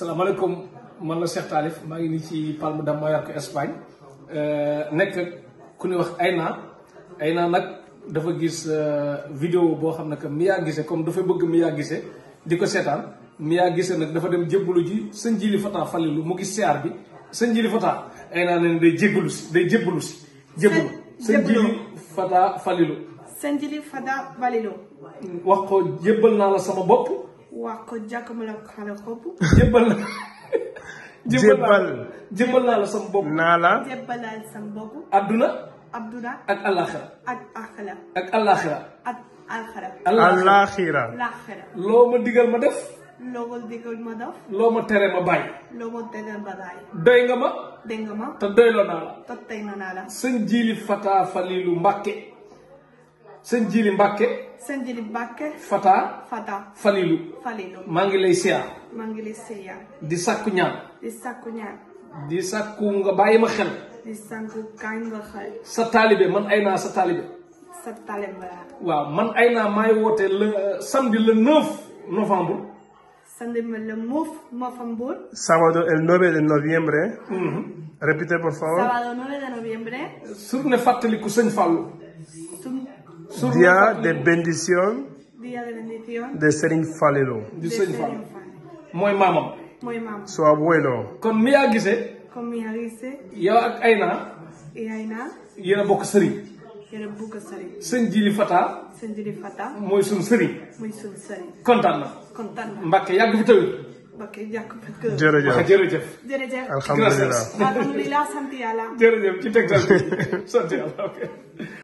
salaamaaleykum man la Cheikh Talif maa ngi nii ci Palme de Mallorca Espagne euh, nekk ku ñuy wax Aina Aina nag dafa gis euh, vidéo boo xam ne mi Mia Guissé comme dafay bëgg Mia Guissé di ko seetaan Mia Guissé nag dafa dem jébbalu ji sëñ Jili Fata Falilu mu gis siyaar bi sëñ Jili Fata Aina ne si day jébbalu si. jébbalu sëñ Falilu. sëñ Jili Fata Falilu. wax ko jébbal naa la sama bopp. waa ko jàkkaarloo ak xale naa la sama bopp. naa loo ma digal ma def. loo ma digal ma def. loo ma tere ma bàyyi. loo ma tere ma bàyyi. doy nga ma. doy la. te doyloo naa la. sëñ Jili sëñ Jili Mbàkke sëñ Fata Fata Falilu maa ngi lay siyaar di sàkku ñaan di sàkku nga bàyyi ma xel di sàkku kañ nga xel sa taalibe man ay naa sa taalibe sa taalibe waaw man ay naa maay woote le samedi le 9 novembre samedi le 9 novembre sábado el 9 de noviembre mhm. répétez fàttaliku sëñ Fàllu Día de bendición. Día de bendición. De Serigne Falilou. De Serigne Falilou. mooy maamam. mooy maamam. su abuelo. kon mi yaa gisee. kon mi yaa gisee. yow ak Aina. Aina. yéen a bokk Serigne. yéen a bokk Serigne. sëñ Jili Fata. sëñ Jili Fata. mooy sunu Serigne. mooy sunu Serigne. kontaan na. kontaan na Mbacke yàgg fi tawit. ok jàkkaarloo. jërëjëf wax jërëjëf. jërëjëf alhamdulilah alhamdulilah sant yàlla. jërëjëf ci tegtal sant yàlla ok.